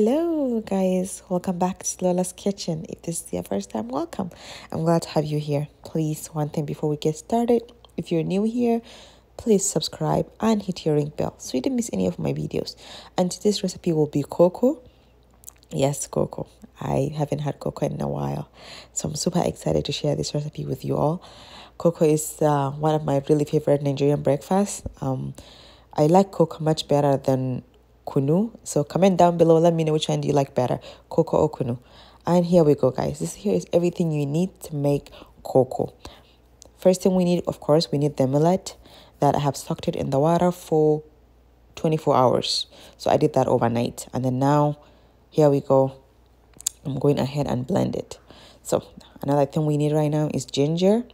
Hello, guys. Welcome back to Lola's Kitchen. If this is your first time, welcome. I'm glad to have you here. Please, one thing before we get started, if you're new here, please subscribe and hit your ring bell so you don't miss any of my videos. And today's recipe will be cocoa. Yes, cocoa. I haven't had cocoa in a while, so I'm super excited to share this recipe with you all. Cocoa is uh, one of my really favorite Nigerian breakfasts. Um, I like cocoa much better than kunu. So comment down below. Let me know which one do you like better, cocoa or kunu. And here we go, guys. This here is everything you need to make cocoa. First thing we need, of course, we need the millet that I have soaked it in the water for 24 hours. So I did that overnight. And then now, here we go. I'm going ahead and blend it. So another thing we need right now is ginger.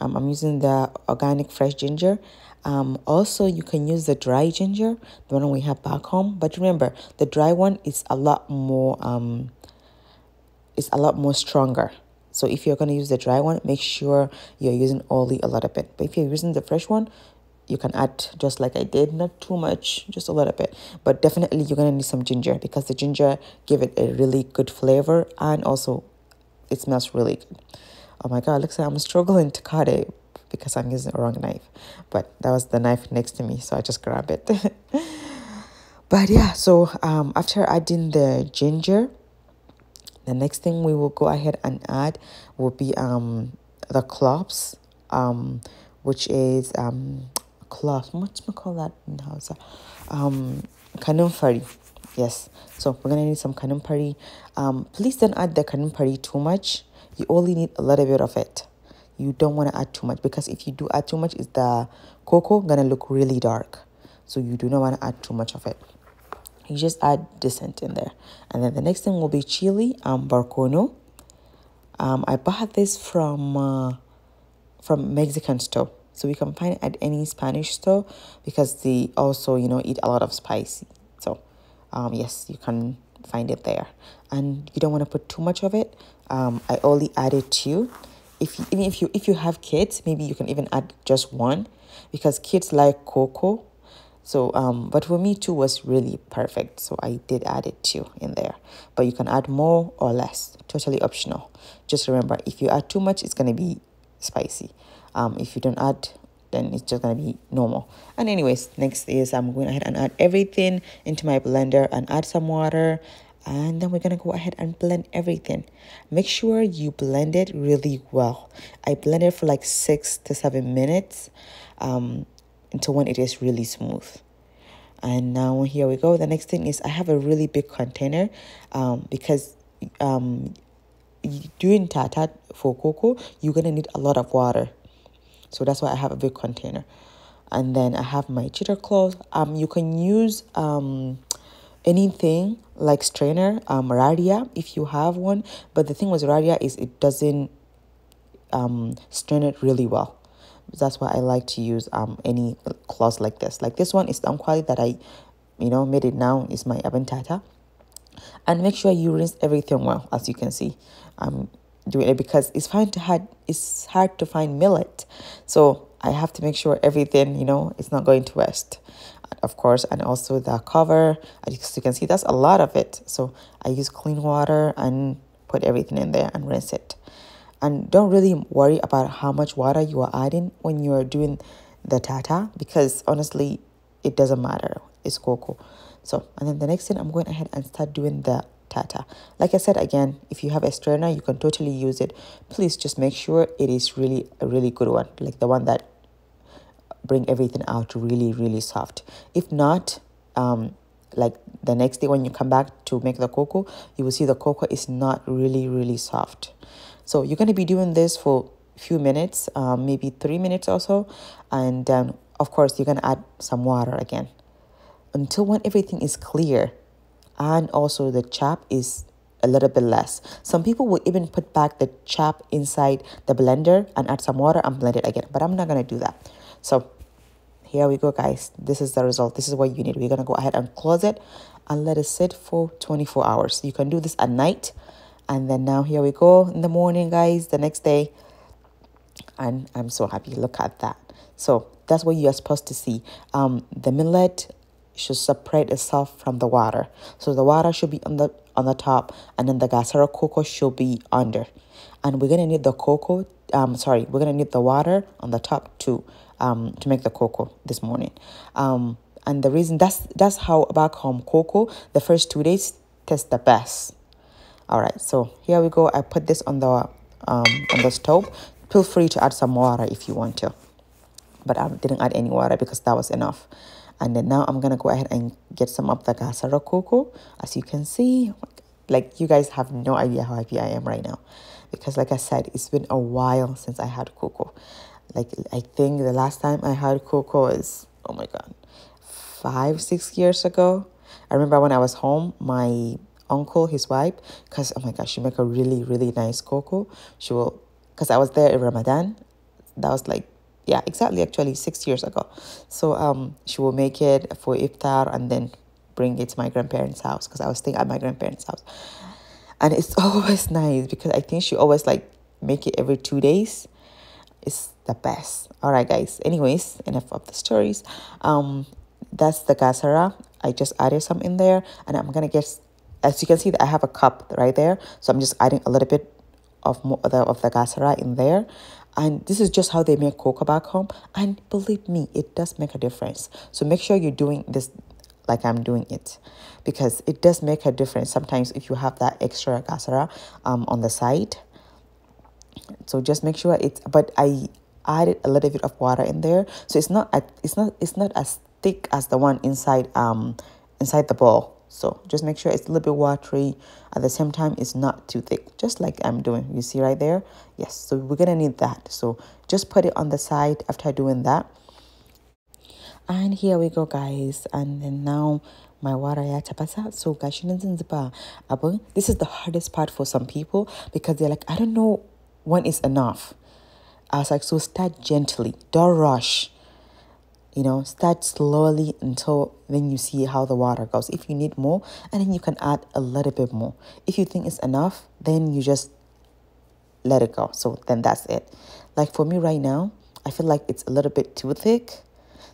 Um, I'm using the organic fresh ginger. Um, also, you can use the dry ginger, the one we have back home. But remember, the dry one is a lot more um, is a lot more stronger. So if you're gonna use the dry one, make sure you're using only a little bit. But if you're using the fresh one, you can add just like I did, not too much, just a little bit. But definitely you're gonna need some ginger because the ginger give it a really good flavor and also it smells really good. Oh my god, looks like I'm struggling to cut it, because I'm using the wrong knife. But that was the knife next to me, so I just grabbed it. but yeah, so um, after adding the ginger, the next thing we will go ahead and add will be um the cloves, um, which is um cloth. What do we call that in Hausa? Um, kanumfari. Yes, so we're gonna need some kanumfari. Um, please don't add the kanumfari too much. You only need a little bit of it you don't want to add too much because if you do add too much is the cocoa gonna look really dark so you do not want to add too much of it you just add decent in there and then the next thing will be chili and barcono um, i bought this from uh, from mexican store so we can find it at any spanish store because they also you know eat a lot of spicy so um, yes you can find it there and you don't want to put too much of it um, i only added two if you, even if you if you have kids maybe you can even add just one because kids like cocoa so um but for me two was really perfect so i did add it too in there but you can add more or less totally optional just remember if you add too much it's going to be spicy um if you don't add then it's just gonna be normal and anyways next is i'm going ahead and add everything into my blender and add some water and then we're going to go ahead and blend everything make sure you blend it really well i blend it for like six to seven minutes um, until when it is really smooth and now here we go the next thing is i have a really big container um, because um, doing tata for cocoa you're going to need a lot of water so that's why i have a big container and then i have my cheater cloth um, you can use um, anything like strainer, um, raria, if you have one. But the thing with raria is it doesn't um, strain it really well. That's why I like to use um, any cloth like this. Like this one is the quality that I, you know, made it now is my Aventata. And make sure you rinse everything well, as you can see. I'm um, doing it because it's fine to hard, it's hard to find millet. So I have to make sure everything, you know, it's not going to waste of course, and also the cover. As you can see, that's a lot of it. So I use clean water and put everything in there and rinse it. And don't really worry about how much water you are adding when you are doing the tata because honestly, it doesn't matter. It's cocoa. So, and then the next thing, I'm going ahead and start doing the tata. Like I said again, if you have a strainer, you can totally use it. Please just make sure it is really a really good one, like the one that bring everything out really, really soft. If not, um, like the next day when you come back to make the cocoa, you will see the cocoa is not really, really soft. So you're going to be doing this for a few minutes, um, maybe three minutes or so. And then of course, you're going to add some water again until when everything is clear and also the chap is a little bit less. Some people will even put back the chap inside the blender and add some water and blend it again, but I'm not going to do that. So here we go, guys. This is the result. This is what you need. We're going to go ahead and close it and let it sit for 24 hours. You can do this at night. And then now here we go in the morning, guys, the next day. And I'm so happy. Look at that. So that's what you are supposed to see. Um, the millet should separate itself from the water. So the water should be on the on the top and then the gasera cocoa should be under. And we're gonna need the cocoa, um sorry, we're gonna need the water on the top too um, to make the cocoa this morning. Um, and the reason that's that's how back home cocoa the first two days tastes the best. All right, so here we go. I put this on the um, on the stove. Feel free to add some water if you want to, but I didn't add any water because that was enough. And then now I'm gonna go ahead and get some of the gasara cocoa. As you can see, like you guys have no idea how happy I am right now because like I said, it's been a while since I had cocoa. Like I think the last time I had cocoa is oh my god, five six years ago. I remember when I was home, my uncle, his wife, cause oh my god, she make a really really nice cocoa. She will, cause I was there in Ramadan. That was like yeah exactly actually six years ago. So um she will make it for iftar and then bring it to my grandparents' house because I was staying at my grandparents' house. And it's always nice because I think she always like make it every two days. It's the best all right guys anyways enough of the stories um that's the gasara i just added some in there and i'm gonna get as you can see i have a cup right there so i'm just adding a little bit of more the, of the gasara in there and this is just how they make coca back home and believe me it does make a difference so make sure you're doing this like i'm doing it because it does make a difference sometimes if you have that extra gasara um on the side so just make sure it's but i added a little bit of water in there so it's not a, it's not it's not as thick as the one inside um inside the bowl so just make sure it's a little bit watery at the same time it's not too thick just like i'm doing you see right there yes so we're gonna need that so just put it on the side after doing that and here we go guys and then now my water ya tapasa so gashin zanzibar abun this is the hardest part for some people because they're like i don't know when is enough I was like, so start gently, don't rush. You know, start slowly until then you see how the water goes. If you need more, and then you can add a little bit more. If you think it's enough, then you just let it go. So then that's it. Like for me right now, I feel like it's a little bit too thick.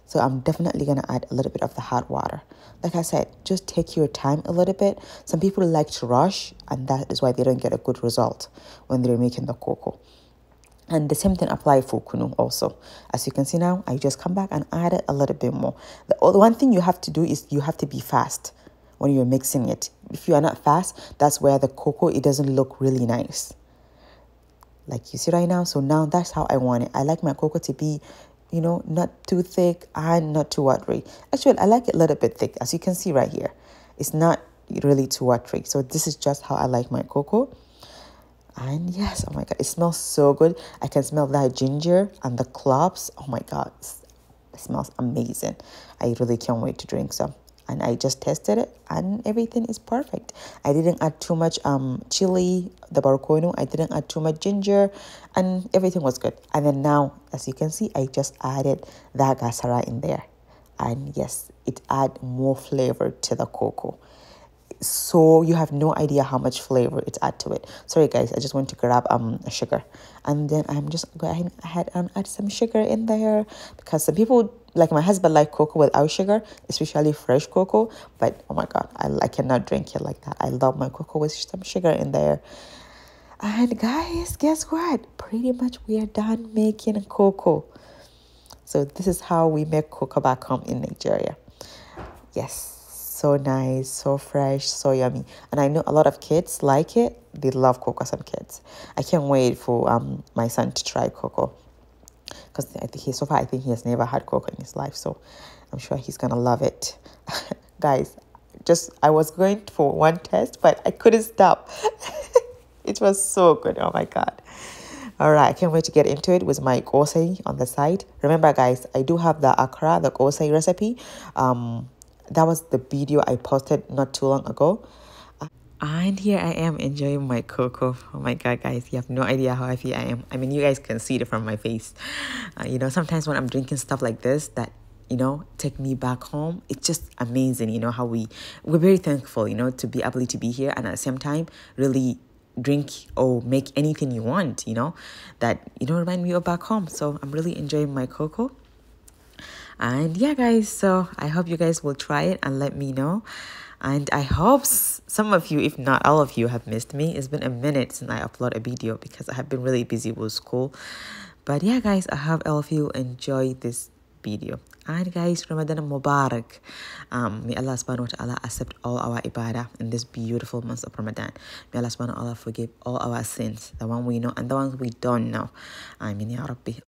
So I'm definitely going to add a little bit of the hot water. Like I said, just take your time a little bit. Some people like to rush and that is why they don't get a good result when they're making the cocoa and the same thing apply for kunu also as you can see now i just come back and add a little bit more the one thing you have to do is you have to be fast when you're mixing it if you are not fast that's where the cocoa it doesn't look really nice like you see right now so now that's how i want it i like my cocoa to be you know not too thick and not too watery actually i like it a little bit thick as you can see right here it's not really too watery so this is just how i like my cocoa and yes, oh my God, it smells so good. I can smell that ginger and the cloves. Oh my God, it smells amazing. I really can't wait to drink some. And I just tested it and everything is perfect. I didn't add too much um chili, the barcoino. I didn't add too much ginger and everything was good. And then now, as you can see, I just added that gasara in there. And yes, it add more flavor to the cocoa so you have no idea how much flavor it's add to it sorry guys i just want to grab um sugar and then i'm just going ahead and add some sugar in there because some people like my husband like cocoa without sugar especially fresh cocoa but oh my god i, I cannot drink it like that i love my cocoa with some sugar in there and guys guess what pretty much we are done making cocoa so this is how we make cocoa back home in nigeria yes so nice, so fresh, so yummy. And I know a lot of kids like it. They love cocoa, some kids. I can't wait for um my son to try cocoa. Because I think he, so far, I think he has never had cocoa in his life. So I'm sure he's going to love it. Guys, just I was going for one test, but I couldn't stop. it was so good. Oh my God. All right, I can't wait to get into it with my kosei on the side. Remember, guys, I do have the akra, the kosei recipe. Um, that was the video I posted not too long ago. And here I am enjoying my cocoa. Oh my god, guys, you have no idea how happy I am. I mean, you guys can see it from my face. Uh, you know, sometimes when I'm drinking stuff like this, that you know take me back home it's just amazing you know how we we're very thankful you know to be able to be here and at the same time really drink or make anything you want you know that you know remind me of back home so i'm really enjoying my cocoa and yeah guys so i hope you guys will try it and let me know and i hope some of you if not all of you have missed me it's been a minute since i upload a video because i have been really busy with school but yeah guys i hope all of you enjoy this video and guys ramadan mubarak um may allah subhanahu wa ta'ala accept all our ibadah in this beautiful month of ramadan may allah subhanahu wa ta'ala forgive all our sins the one we know and the ones we don't know i mean ya rabbi